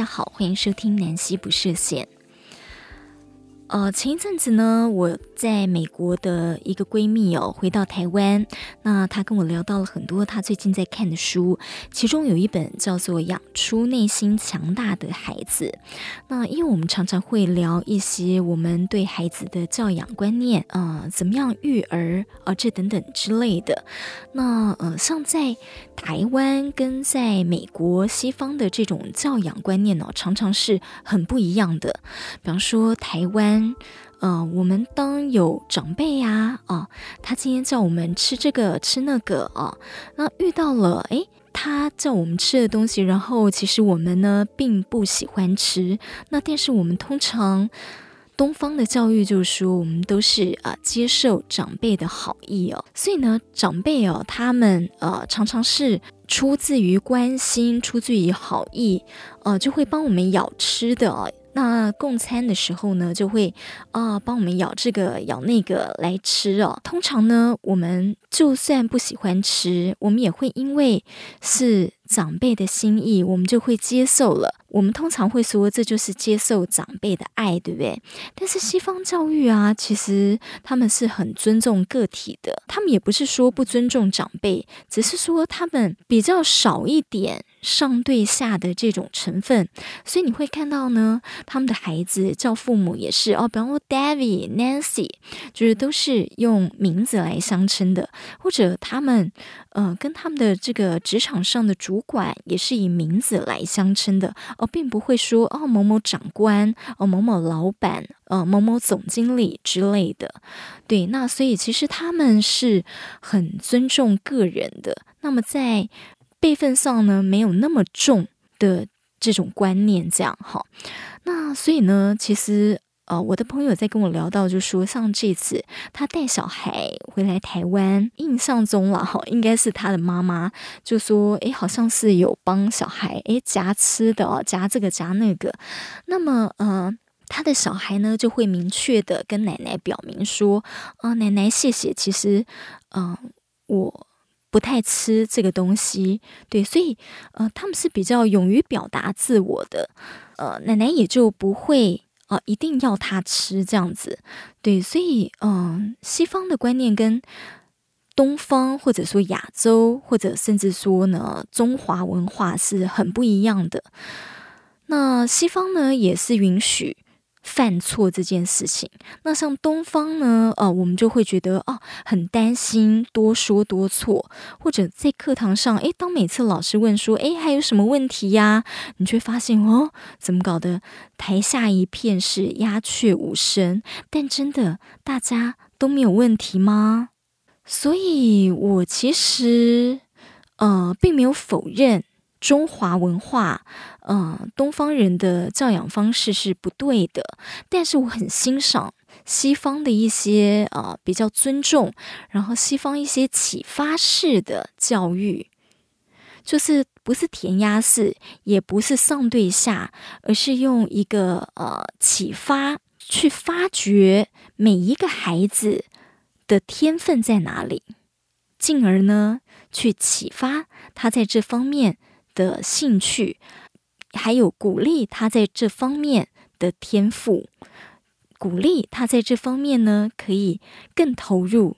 大家好，歡迎收聽《南希不設限》。呃，前一陣子呢，我在美國的一個閨蜜哦，回到台灣，那她跟我聊到了很多她最近在看的書，其中有一本叫做《養出內心強大的孩子》。那因為我們常常會聊一些我們對孩子的教養觀念，呃，怎麼樣育兒啊，呃，這等等之類的。那呃，像在台灣跟在美國西方的這種教養觀念呢，哦，常常是很不一樣的。比方說台灣。嗯，呃，我們當有長輩呀、啊，啊、呃，他今天叫我們吃這個吃那個啊，那、呃、遇到了誒，他叫我們吃的東西，然後其實我們呢並不喜歡吃，那但是我們通常東方的教育就是說，我們都是啊、呃、接受長輩的好意哦，所以呢，長輩哦，他們呃常常是出自於關心，出自於好意，呃，就會幫我們咬吃的。那共餐的時候呢，就會啊幫我們咬這個咬那個來吃哦。通常呢，我們就算不喜歡吃，我們也會因為是長輩的心意，我們就會接受了。我們通常會說，這就是接受長輩的愛，對不對？但是西方教育啊，其實他們是很尊重個體的，他們也不是說不尊重長輩，只是說他們比較少一點。上對下的這種成分，所以你會看到呢，他們的孩子叫父母也是哦，比方說 David、Nancy，就是都是用名字來相稱的，或者他們呃跟他們的這個職場上的主管也是以名字來相稱的，而、哦、並不會說哦某某長官、哦某某老闆、呃某某總經理之類的。對，那所以其實他們是很尊重個人的。那麼在輩分上呢，沒有那麼重的這種觀念，這樣哈。那所以呢，其實呃，我的朋友在跟我聊到，就說像這次他帶小孩回來台灣，印象中了哈，應該是他的媽媽就說，誒好像是有幫小孩誒夾吃的哦，夾這個夾那個。那麼嗯、呃，他的小孩呢，就會明確的跟奶奶表明說，啊、呃，奶奶謝謝。其實嗯、呃，我。不太吃這個東西，對，所以呃，他們是比較勇於表達自我的，呃，奶奶也就不會呃，一定要他吃這樣子，對，所以嗯、呃，西方的觀念跟東方或者說亞洲或者甚至說呢，中華文化是很不一樣的。那西方呢，也是允許。犯錯這件事情，那像東方呢？呃，我們就會覺得哦，很擔心多說多錯，或者在課堂上，誒，當每次老師問說，誒，還有什麼問題呀、啊？你卻發現哦，怎麼搞的？台下一片是鴉雀無聲，但真的大家都沒有問題嗎？所以我其實呃，並沒有否認，中華文化，呃、東方人的教養方式是不對的，但是我很欣賞西方的一些，呃，比較尊重，然後西方一些啟發式的教育，就是不是填鴨式，也不是上對下，而是用一個呃、啟發去發掘每一個孩子的天分在哪裡，進而呢去啟發他在這方面的興趣，還有鼓勵他在這方面的天賦，鼓勵他在這方面呢可以更投入。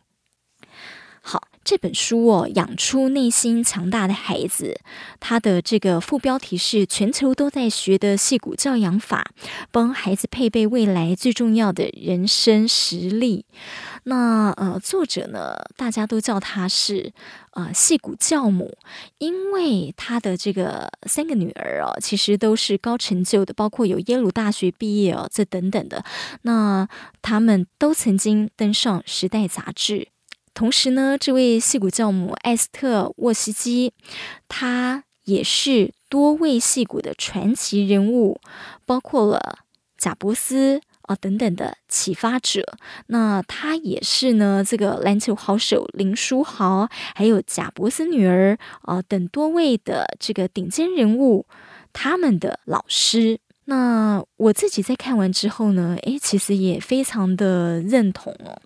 好。這本書哦，養出內心強大的孩子，它的這個副標題是“全球都在學的矽谷教養法”，幫孩子配備未來最重要的人生實力。那呃，作者呢，大家都叫她是呃矽谷教母，因為她的這個三個女兒哦，其實都是高成就的，包括有耶魯大學畢業哦，這等等的。那她們都曾經登上《時代》雜誌。同時呢，這位矽谷教母艾絲特‧沃西基，他也是多位矽谷的傳奇人物，包括了賈伯斯啊、呃、等等的啟發者。那他也是呢，這個籃球好手林書豪，還有賈伯斯女兒啊、呃、等多位的這個頂尖人物，他們的老師。那我自己在看完之後呢，誒，其實也非常的認同哦。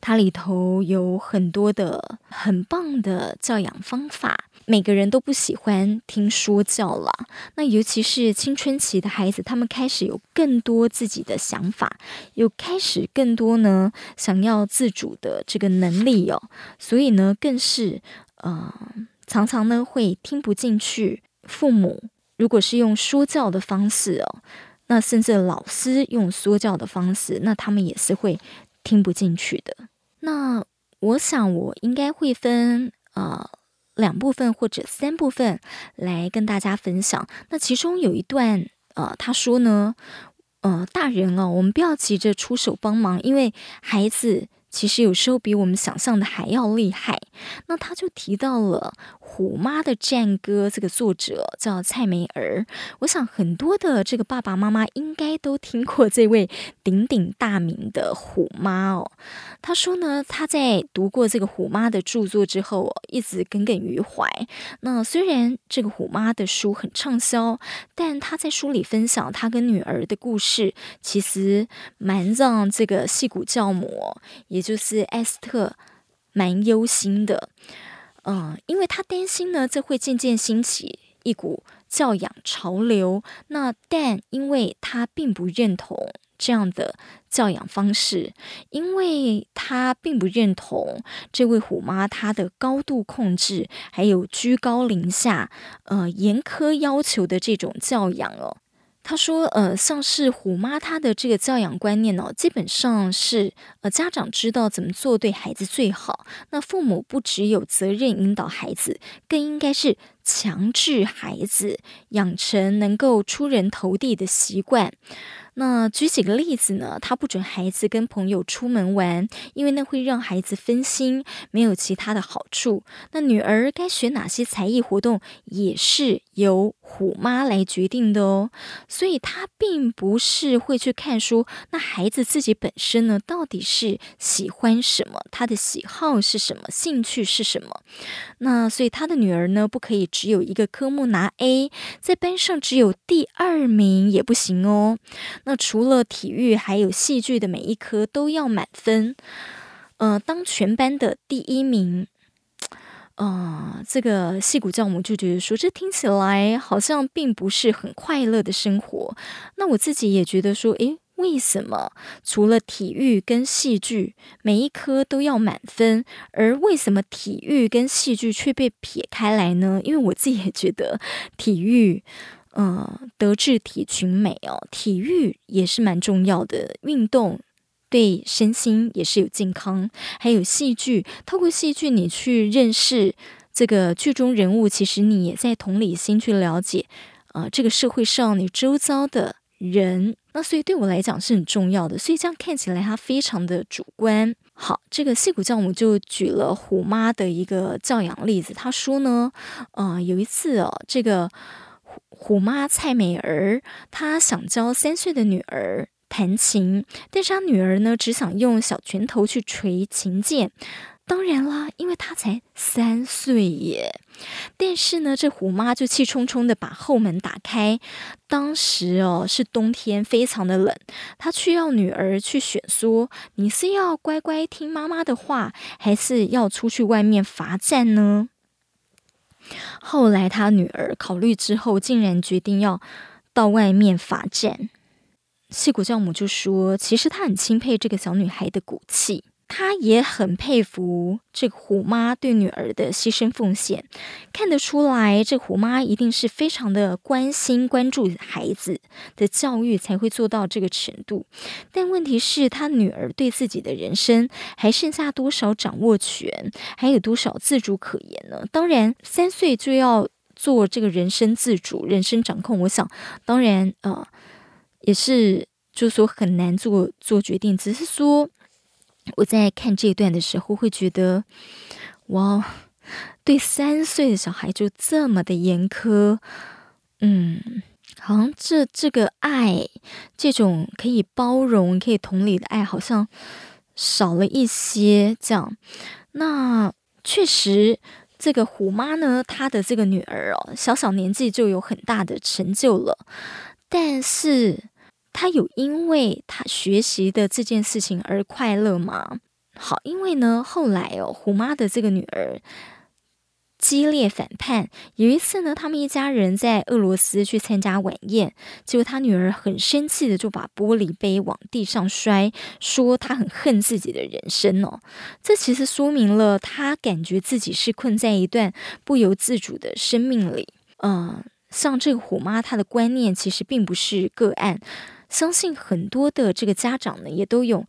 它裡頭有很多的很棒的教養方法。每個人都不喜歡聽說教了。那尤其是青春期的孩子，他們開始有更多自己的想法，又開始更多呢想要自主的這個能力哦。所以呢，更是呃常常呢會聽不進去父母。如果是用說教的方式哦，那甚至老師用說教的方式，那他們也是會聽不進去的。那我想我應該會分呃兩部分或者三部分來跟大家分享。那其中有一段呃他說呢，呃大人哦，我們不要急着出手幫忙，因為孩子。其實有時候比我們想象的還要厲害。那他就提到了《虎媽的戰歌》，這個作者叫蔡美兒。我想很多的這個爸爸媽媽應該都聽過這位鼎鼎大名的虎媽哦。他說呢，他在讀過這個虎媽的著作之後，一直耿耿於懷。那雖然這個虎媽的書很暢銷，但她在書裡分享她跟女兒的故事，其實蠻讓這個矽谷教母，也就是艾絲特，蠻憂心的。嗯，因為她擔心呢，這會漸漸興起一股教養潮流。那但因為她並不認同。這樣的教養方式，因為他並不認同這位虎媽她的高度控制，還有居高臨下，呃嚴苛要求的這種教養哦。他說，呃，像是虎媽她的這個教養觀念呢，哦，基本上是呃家長知道怎麼做對孩子最好，那父母不只有責任引導孩子，更應該是強制孩子養成能夠出人頭地的習慣。那舉幾個例子呢？他不准孩子跟朋友出門玩，因為那會讓孩子分心，沒有其他的好處。那女兒該學哪些才藝活動，也是由虎媽來決定的哦。所以她並不是會去看書。那孩子自己本身呢，到底是喜歡什麼？他的喜好是什麼？興趣是什麼？那所以他的女兒呢，不可以只有一個科目拿 A，在班上只有第二名也不行哦。那除了體育，還有戲劇的每一科都要滿分，呃，當全班的第一名，呃，這個矽谷教母就覺得說，這聽起來好像並不是很快樂的生活。那我自己也覺得說，誒，為什麼除了體育跟戲劇，每一科都要滿分，而為什麼體育跟戲劇卻被撇開來呢？因為我自己也覺得體育。嗯，德智體群美哦，體育也是蠻重要的。運動對身心也是有健康，還有戲劇，透過戲劇你去認識這個劇中人物，其實你也在同理心去了解啊、呃，這個社會上你周遭的人。那所以對我來講是很重要的，所以這樣看起來它非常的主觀。好，這個矽谷教母就舉了虎媽的一個教養例子，他說呢，嗯、呃，有一次哦，這個。虎媽蔡美兒，她想教三歲的女兒彈琴，但是她女兒呢，只想用小拳頭去捶琴鍵。當然啦，因為她才三歲耶。但是呢，這虎媽就氣冲冲的把後門打開。當時哦，是冬天，非常的冷。她卻要女兒去選，說你是要乖乖聽媽媽的話，還是要出去外面罰站呢？後來，他女兒考慮之後，竟然決定要到外面罰站。矽谷教母就說：“其實她很欽佩這個小女孩的骨氣。”他也很佩服這個虎媽對女兒的犧牲奉獻，看得出來，這個虎媽一定是非常的關心、關注孩子的教育，才會做到這個程度。但問題是，她女兒對自己的人生還剩下多少掌握權，還有多少自主可言呢？當然，三歲就要做這個人生自主、人生掌控，我想，當然，呃，也是，就是說很難做做決定，只是說。我在看這一段的時候，會覺得，哇，對三歲的小孩就這麼的嚴苛，嗯，好像這這個愛，這種可以包容、可以同理的愛，好像少了一些，這樣，那確實，這個虎媽呢，她的這個女兒哦，小小年紀就有很大的成就了，但是。他有因為他學習的這件事情而快樂嗎？好，因為呢，後來哦，虎媽的這個女兒激烈反叛。有一次呢，他們一家人在俄羅斯去參加晚宴，結果他女兒很生氣的就把玻璃杯往地上摔，說他很恨自己的人生哦。這其實說明了他感覺自己是困在一段不由自主的生命裡。嗯、呃，像這個虎媽，她的觀念其實並不是個案。相信很多的這個家長呢，也都有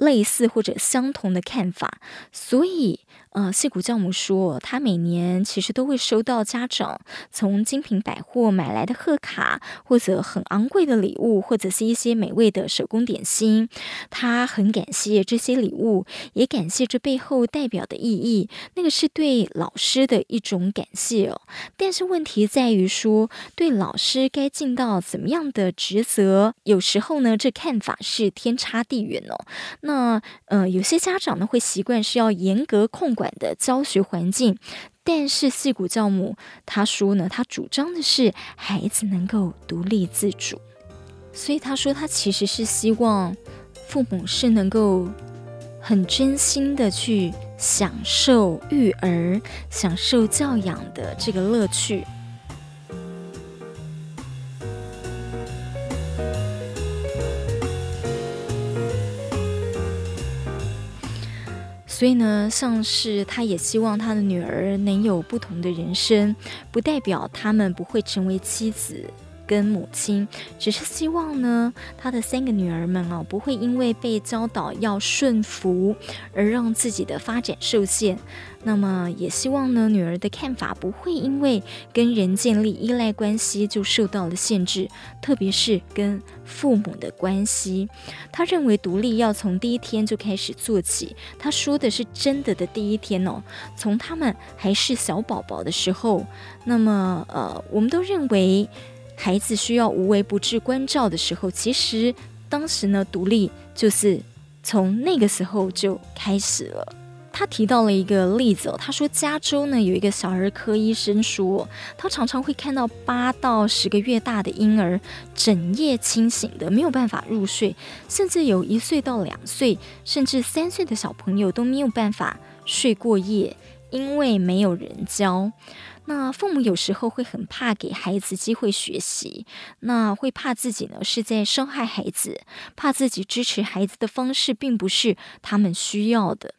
類似或者相同的看法，所以。呃，矽谷教母說，他每年其實都會收到家長從精品百貨買來的賀卡，或者很昂貴的禮物，或者是一些美味的手工點心。他很感謝這些禮物，也感謝這背後代表的意義，那個是對老師的一種感謝哦。但是問題在於說，對老師該盡到怎麼樣的職責？有時候呢，這看法是天差地遠哦。那呃，有些家長呢會習慣是要嚴格控管的教學環境，但是矽谷教母，她說呢，她主張的是孩子能夠獨立自主，所以她說她其實是希望父母是能夠很真心地去享受育兒、享受教養的這個樂趣。所以呢，像是他也希望他的女兒能有不同的人生，不代表他們不會成為妻子。跟母親只是希望呢，她的三個女兒們哦，不會因為被教導要順服而讓自己的發展受限。那麼也希望呢，女兒的看法不會因為跟人建立依賴關係就受到了限制，特別是跟父母的關係。她認為獨立要從第一天就開始做起。她說的是真的的第一天哦，從她們還是小寶寶的時候。那麼呃，我們都認為。孩子需要無微不至關照的時候，其實當時呢，獨立就是從那個時候就開始了。他提到了一個例子哦，他說，加州呢有一個小兒科醫生說，他常常會看到八到十個月大的嬰兒整夜清醒的，沒有辦法入睡，甚至有一歲到兩歲，甚至三歲的小朋友都沒有辦法睡過夜。因為沒有人教，那父母有時候會很怕給孩子機會學習，那會怕自己呢，是在傷害孩子，怕自己支持孩子的方式並不是他們需要的。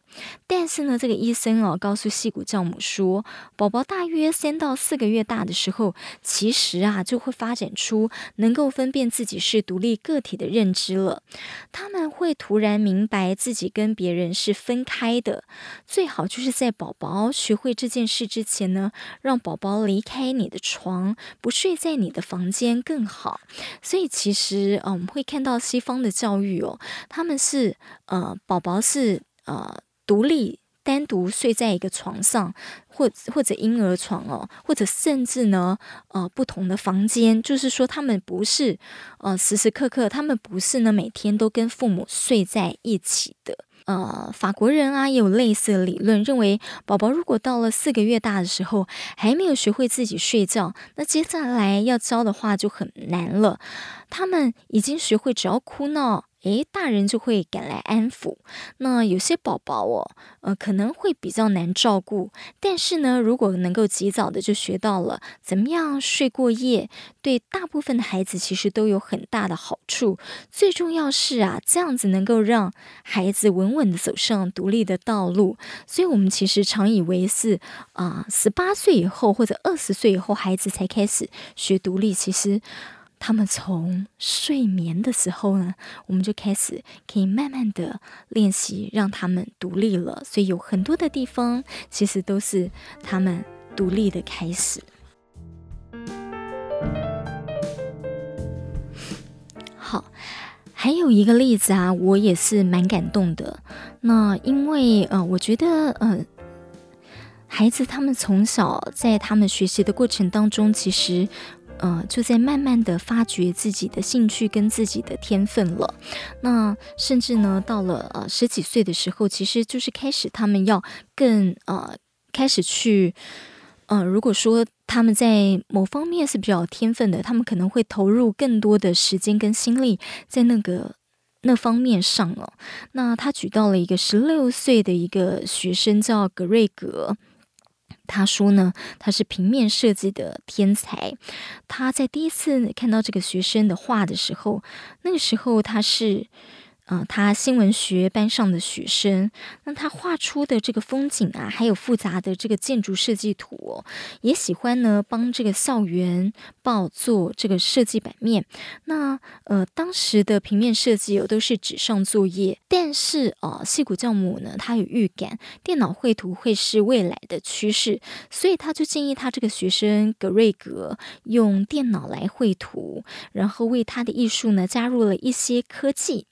但是呢，這個醫生哦、啊，告訴矽谷教母說，寶寶大約三到四個月大的時候，其實啊就會發展出能夠分辨自己是獨立個體的認知了。他們會突然明白自己跟別人是分開的。最好就是在寶寶學會這件事之前呢，讓寶寶離開你的床，不睡在你的房間更好。所以其實啊，我們會看到西方的教育哦，他們是呃，寶寶是呃。獨立單獨睡在一個床上，或者或者嬰兒床哦，或者甚至呢，呃，不同的房間，就是說他們不是，呃，時時刻刻他們不是呢，每天都跟父母睡在一起的。呃，法國人啊也有類似的理論，認為寶寶如果到了四個月大的時候還沒有學會自己睡覺，那接下來要教的話就很難了。他們已經學會，只要哭鬧，誒，大人就會趕來安撫。那有些寶寶哦，呃，可能會比較難照顧。但是呢，如果能夠及早的就學到了怎麼樣睡過夜，對大部分的孩子其實都有很大的好處。最重要是啊，這樣子能夠讓孩子穩穩的走上獨立的道路。所以，我們其實常以為是啊，十八歲以後或者二十歲以後，孩子才開始學獨立。其實。他們從睡眠的時候呢，我們就開始可以慢慢的練習，讓他們獨立了。所以有很多的地方，其實都是他們獨立的開始。好，還有一個例子啊，我也是蠻感動的。那因為呃，我覺得呃，孩子他們從小在他們學習的過程當中，其實。呃，就在慢慢的發掘自己的興趣跟自己的天分了。那甚至呢，到了呃十幾歲的時候，其實就是開始他們要更呃開始去，呃，如果說他們在某方面是比較有天分的，他們可能會投入更多的時間跟心力在那個那方面上了。那他舉到了一個十六歲的一個學生叫格瑞格。他說呢，他是平面設計的天才。他在第一次看到這個學生的畫的時候，那個時候他是。啊、呃，他新聞學班上的學生，那他畫出的這個風景啊，還有複雜的這個建築設計圖哦，也喜歡呢幫這個校園報做這個設計版面。那呃，當時的平面設計哦、呃、都是紙上作業，但是哦，矽、呃、谷教母呢，他有預感電腦繪圖會是未來的趨勢，所以他就建議他這個學生格瑞格用電腦來繪圖，然後為他的藝術呢加入了一些科技。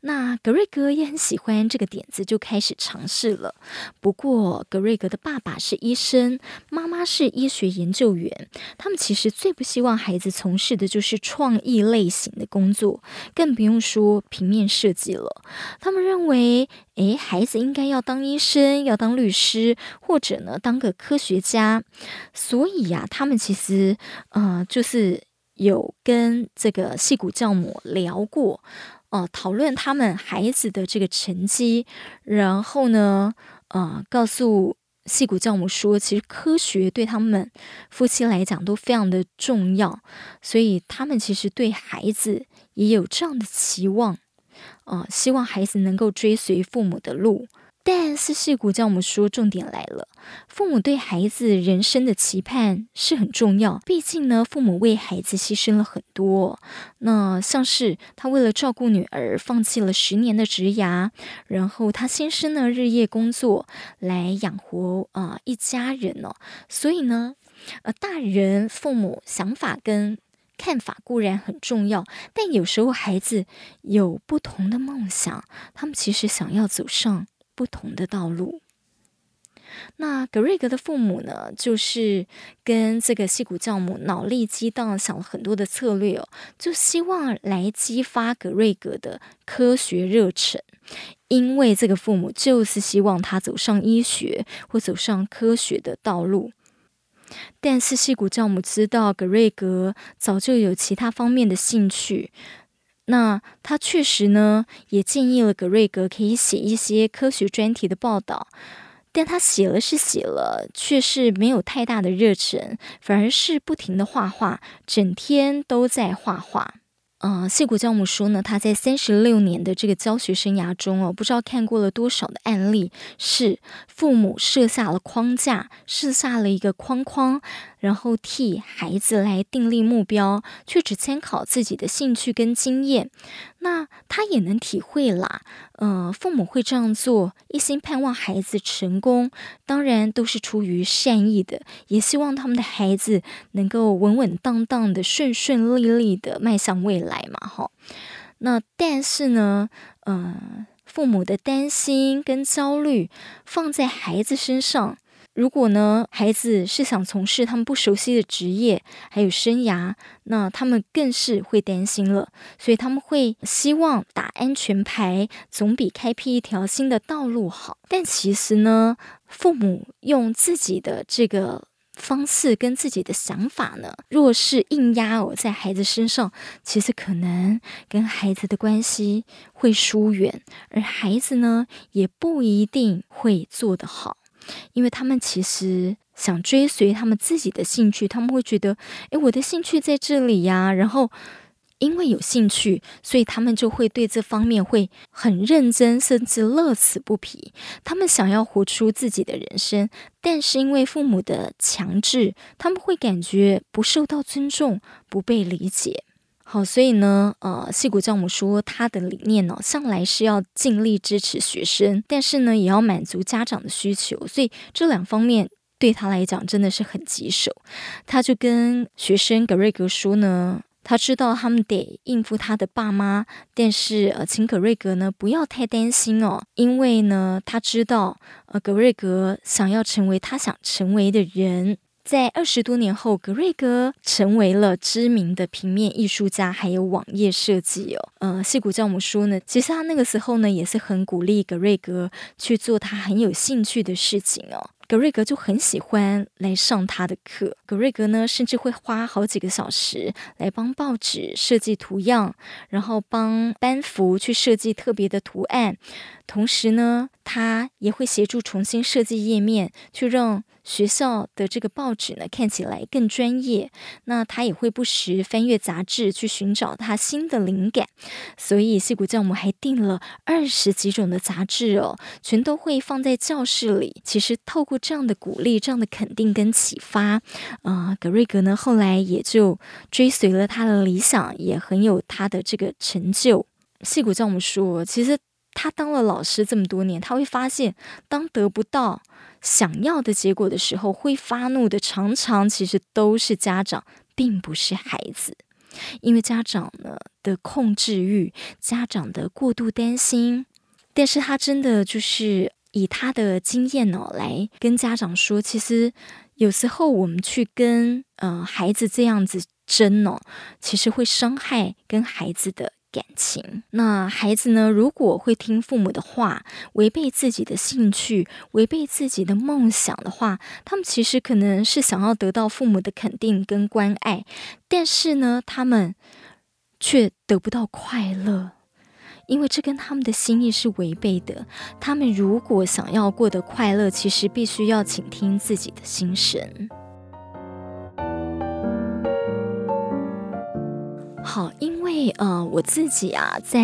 那格瑞格也很喜歡這個點子，就開始嘗試了。不過格瑞格的爸爸是醫生，媽媽是醫學研究員，他們其實最不希望孩子從事的就是創意類型的工作，更不用說平面設計了。他們認為，誒，孩子應該要當醫生，要當律師，或者呢，當個科學家。所以呀，啊，他們其實，呃，就是有跟這個矽谷教母聊過。哦，討論他們孩子的這個成績，然後呢，呃，告訴矽谷教母說，其實科學對他們夫妻來講都非常的重要，所以他們其實對孩子也有這樣的期望，啊、呃，希望孩子能夠追隨父母的路。但是矽谷教母說，重點來了。父母對孩子人生的期盼是很重要，畢竟呢，父母為孩子犧牲了很多。那像是他為了照顧女兒，放棄了十年的職涯，然後他先生呢，日夜工作來養活啊、呃、一家人呢、哦。所以呢，呃，大人父母想法跟看法固然很重要，但有時候孩子有不同的夢想，他們其實想要走上不同的道路。那格瑞格的父母呢，就是跟這個矽谷教母腦力激盪，想了很多的策略哦，就希望來激發格瑞格的科學熱忱，因為這個父母就是希望他走上醫學或走上科學的道路。但是矽谷教母知道格瑞格早就有其他方面的興趣，那他確實呢也建議了格瑞格可以寫一些科學專題的報道但他寫了是寫了，卻是沒有太大的熱忱，反而是不停的畫畫，整天都在畫畫。呃，矽谷教母說呢，他在三十六年的這個教學生涯中哦，不知道看過了多少的案例，是父母設下了框架，設下了一個框框，然後替孩子來訂立目標，卻只參考自己的興趣跟經驗。那他也能體會啦，呃，父母會這樣做，一心盼望孩子成功，當然都是出於善意的，也希望他們的孩子能夠穩穩當當的、順順利利的邁向未來嘛，哈。那但是呢，呃，父母的擔心跟焦慮放在孩子身上。如果呢，孩子是想從事他們不熟悉的職業，還有生涯，那他們更是會擔心了。所以他們會希望打安全牌，總比開闢一條新的道路好。但其實呢，父母用自己的這個方式跟自己的想法呢，若是硬壓哦在孩子身上，其實可能跟孩子的關係會疏遠，而孩子呢，也不一定會做得好。因為他們其實想追隨他們自己的興趣，他們會覺得，哎，我的興趣在這裡呀。然後，因為有興趣，所以他們就會對這方面會很認真，甚至樂此不疲。他們想要活出自己的人生，但是因為父母的強制，他們會感覺不受到尊重，不被理解。好，所以呢，呃，矽谷教母說他的理念呢、哦，向來是要盡力支持學生，但是呢，也要滿足家長的需求，所以這兩方面對他來講真的是很棘手。他就跟學生格瑞格說呢，他知道他們得應付他的爸媽，但是呃，請格瑞格呢，不要太擔心哦，因為呢，他知道呃，格瑞格想要成為他想成為的人。在二十多年後，格瑞格成為了知名的平面藝術家，還有網頁設計哦。呃，矽谷教母說呢，其實他那個時候呢也是很鼓勵格瑞格去做他很有興趣的事情哦。格瑞格就很喜歡來上他的課。格瑞格呢，甚至會花好幾個小時來幫報紙設計圖樣，然後幫班服去設計特別的圖案，同時呢，他也會協助重新設計頁面，去讓。學校的這個報紙呢，看起來更專業。那他也會不時翻閱雜誌，去尋找他新的靈感。所以矽谷教母還訂了二十幾種的雜誌哦，全都會放在教室裡。其實透過這樣的鼓勵、這樣的肯定跟啟發，啊、呃，格瑞格呢後來也就追隨了他的理想，也很有他的這個成就。矽谷教母說，其實。他當了老師這麼多年，他會發現，當得不到想要的結果的時候，會發怒的常常其實都是家長，並不是孩子，因為家長呢的控制慾，家長的過度擔心。但是，他真的就是以他的經驗哦，來跟家長說，其實有時候我們去跟呃孩子這樣子爭哦，其實會傷害跟孩子的。感情，那孩子呢，如果會聽父母的話，違背自己的興趣，違背自己的夢想的話，他們其實可能是想要得到父母的肯定跟關愛，但是呢，他們卻得不到快樂，因為這跟他們的心意是違背的。他們如果想要過得快樂，其實必須要傾聽自己的心聲。好，因。對、哎，呃，我自己啊，在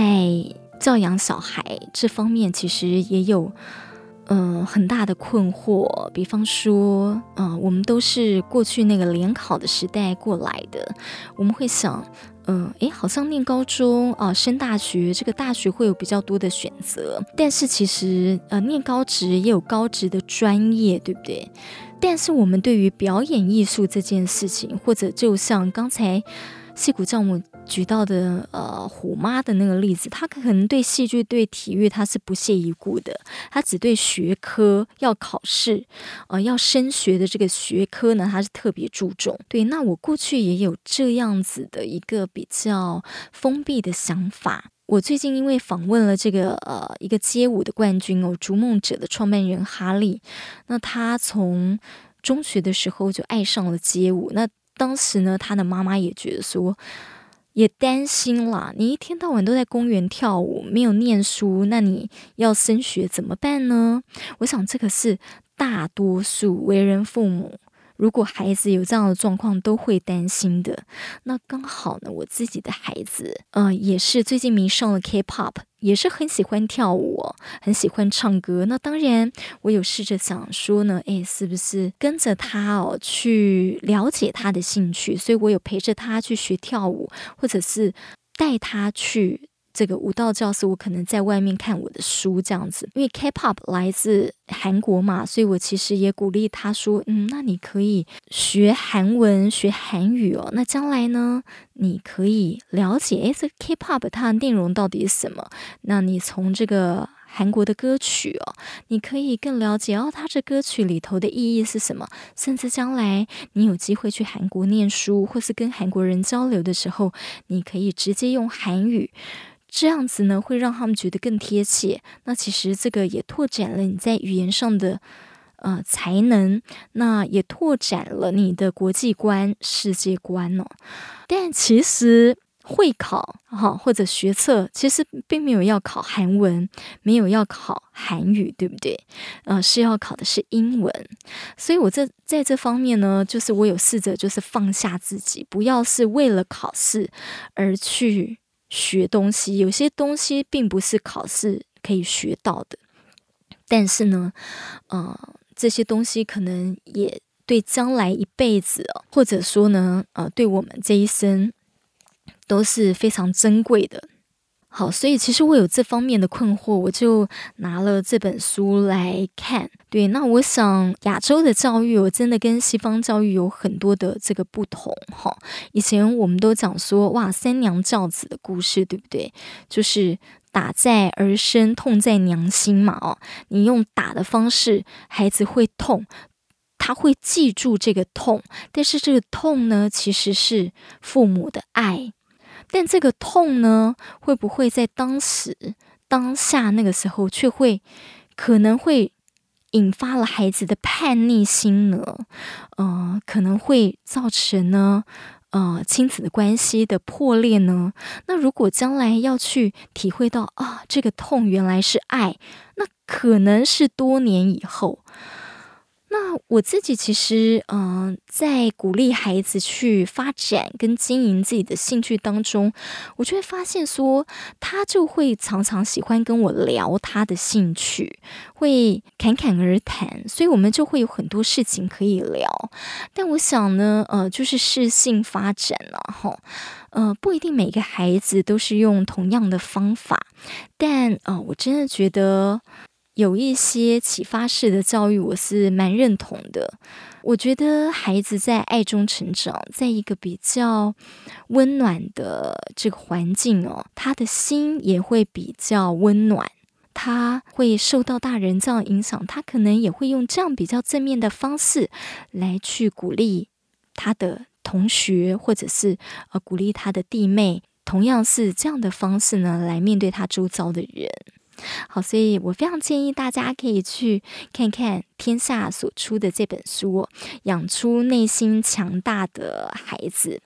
教養小孩這方面，其實也有，嗯、呃，很大的困惑。比方說，嗯、呃，我們都是過去那個聯考的時代過來的，我們會想，嗯、呃，哎，好像念高中啊、呃，升大學，這個大學會有比較多的選擇，但是其實，呃，念高職也有高職的專業，對不對？但是我們對於表演藝術這件事情，或者就像剛才矽谷教母。舉到的呃虎媽的那個例子，她可能對戲劇、對體育她是不屑一顧的，她只對學科要考試，呃要升學的這個學科呢，她是特別注重。對，那我過去也有這樣子的一個比較封閉的想法。我最近因為訪問了這個呃一個街舞的冠軍哦，逐夢者的創辦人哈利，那他從中學的時候就愛上了街舞，那當時呢，他的媽媽也覺得說。也擔心啦，你一天到晚都在公園跳舞，沒有念書，那你要升學怎麼辦呢？我想這可是大多數為人父母，如果孩子有這樣的狀況，都會擔心的。那剛好呢，我自己的孩子，嗯、呃，也是最近迷上了 K-pop，也是很喜歡跳舞，很喜歡唱歌。那當然，我有試着想說呢，哎，是不是跟着他哦去了解他的興趣？所以我有陪着他去學跳舞，或者是帶他去。這個舞蹈教室，我可能在外面看我的書這樣子，因為 K-pop 來自韓國嘛，所以我其實也鼓勵他說，嗯，那你可以學韓文，學韓語哦。那將來呢，你可以了解，誒，這個 K-pop 它的內容到底是什麼？那你從這個韓國的歌曲哦，你可以更了解哦，它這歌曲裡頭的意義是什麼？甚至將來你有機會去韓國唸書，或是跟韓國人交流的時候，你可以直接用韓語。這樣子呢，會讓他們覺得更貼切。那其實這個也拓展了你在語言上的呃才能，那也拓展了你的國際觀、世界觀哦。但其實會考哈、哦、或者學測，其實並沒有要考韓文，沒有要考韓語，對不對？呃，是要考的是英文。所以我這在，在這方面呢，就是我有試着就是放下自己，不要是為了考試而去。學東西，有些東西並不是考試可以學到的，但是呢，嗯、呃，這些東西可能也對將來一輩子哦，或者說呢，呃，對我們這一生都是非常珍貴的。好，所以其實我有這方面的困惑，我就拿了這本書來看。對，那我想亞洲的教育，我真的跟西方教育有很多的這個不同哈、哦。以前我們都講說，哇，三娘教子的故事，對不對？就是打在兒身，痛在娘心嘛。哦，你用打的方式，孩子會痛，他會記住這個痛，但是這個痛呢，其實是父母的愛。但這個痛呢，會不會在當時當下那個時候卻會，可能會引發了孩子的叛逆心呢？呃，可能會造成呢，呃，親子關係的破裂呢？那如果將來要去體會到啊，這個痛原來是愛，那可能是多年以後。那我自己其實，嗯、呃，在鼓勵孩子去發展跟經營自己的興趣當中，我就會發現說，他就會常常喜歡跟我聊他的興趣，會侃侃而談，所以我們就會有很多事情可以聊。但我想呢，呃，就是適性發展了、啊、哈，呃，不一定每一個孩子都是用同樣的方法，但，呃，我真的覺得。有一些啟發式的教育，我是蠻認同的。我覺得孩子在愛中成長，在一個比較溫暖的這個環境哦，他的心也會比較溫暖。他會受到大人這樣影響，他可能也會用這樣比較正面的方式來去鼓勵他的同學，或者是呃鼓勵他的弟妹，同樣是這樣的方式呢，來面對他周遭的人。好，所以我非常建議大家可以去看看天下所出的這本書，《養出內心強大的孩子》。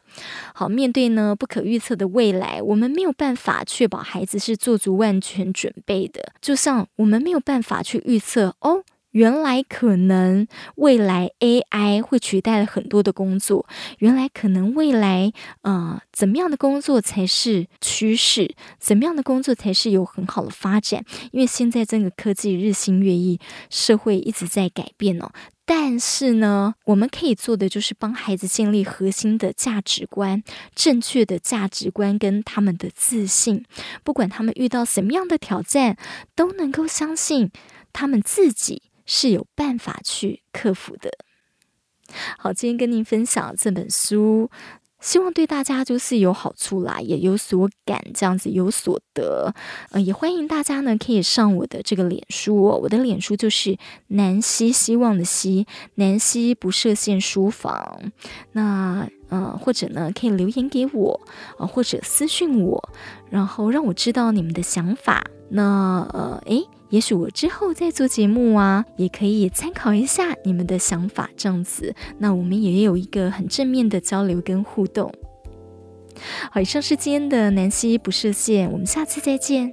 好，面對呢不可預測的未來，我們沒有辦法確保孩子是做足萬全準備的，就像我們沒有辦法去預測哦。原來可能未來 AI 會取代了很多的工作，原來可能未來呃怎麼樣的工作才是趨勢，怎麼樣的工作才是有很好的發展？因為現在這個科技日新月異，社會一直在改變哦。但是呢，我們可以做的就是幫孩子建立核心的價值觀，正確的價值觀跟他們的自信，不管他們遇到什麼樣的挑戰，都能夠相信他們自己。是有辦法去克服的。好，今天跟您分享這本書，希望對大家就是有好處啦，也有所感，這樣子有所得。呃，也歡迎大家呢可以上我的這個臉書，我的臉書就是南希希望的希，南希不設限書房。那呃，或者呢可以留言給我啊，呃，或者私訊我，然後讓我知道你們的想法。那呃，誒。也許我之後再做節目啊，也可以參考一下你們的想法，這樣子，那我們也有一個很正面的交流跟互動。好，以上是今天的南希不設限，我們下次再見。